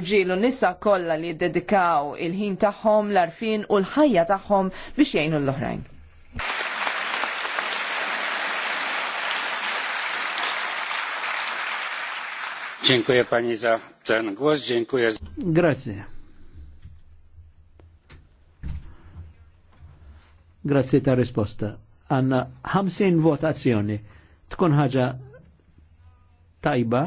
ġilu nisa kollha li dedikaw il-ħin tagħhom, l-arfin u l-ħajja tagħhom biex jgħinu l-oħrajn. Dziękuję pani za ten głos, dziękuję. Grazie. Grazie ta' risposta. Għanna 50 votazzjoni. Tkun ħaġa tajba